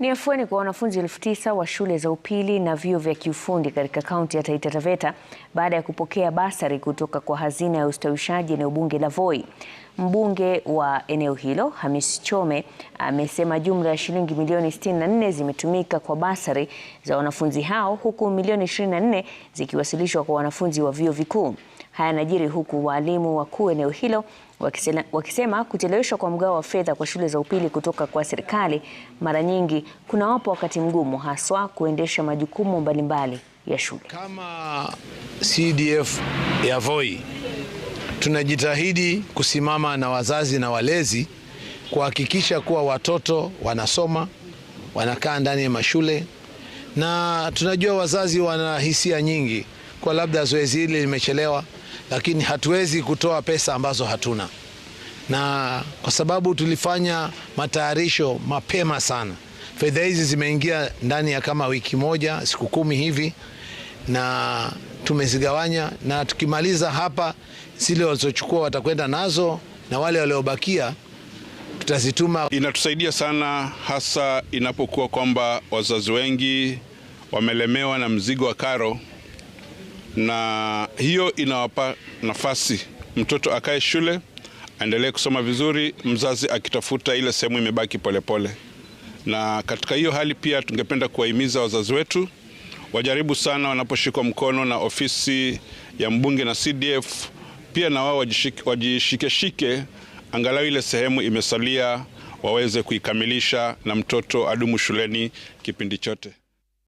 Ni afueni kwa wanafunzi elfu tisa wa shule za upili na vyuo vya kiufundi katika kaunti ya Taita Taveta baada ya kupokea basari kutoka kwa hazina ya ustawishaji eneo bunge la Voi. Mbunge wa eneo hilo Hamis Chome amesema jumla ya shilingi milioni 64 zimetumika kwa basari za wanafunzi hao huku milioni 24 zikiwasilishwa kwa wanafunzi wa vyuo vikuu. Haya yanajiri huku waalimu wakuu eneo hilo wakisema, wakisema kucheleweshwa kwa mgao wa fedha kwa shule za upili kutoka kwa serikali mara nyingi kunawapa wakati mgumu haswa kuendesha majukumu mbalimbali ya shule. Kama CDF ya Voi tunajitahidi kusimama na wazazi na walezi kuhakikisha kuwa watoto wanasoma, wanakaa ndani ya mashule, na tunajua wazazi wana hisia nyingi kwa labda zoezi hili limechelewa, lakini hatuwezi kutoa pesa ambazo hatuna, na kwa sababu tulifanya matayarisho mapema sana, fedha hizi zimeingia ndani ya kama wiki moja, siku kumi hivi na tumezigawanya, na tukimaliza hapa zile walizochukua watakwenda nazo na wale waliobakia tutazituma. Inatusaidia sana hasa inapokuwa kwamba wazazi wengi wamelemewa na mzigo wa karo, na hiyo inawapa nafasi mtoto akae shule aendelee kusoma vizuri, mzazi akitafuta ile sehemu imebaki polepole. Na katika hiyo hali pia tungependa kuwahimiza wazazi wetu wajaribu sana wanaposhikwa mkono na ofisi ya mbunge na CDF, pia na wao wajishikeshike, angalau ile sehemu imesalia waweze kuikamilisha na mtoto adumu shuleni kipindi chote.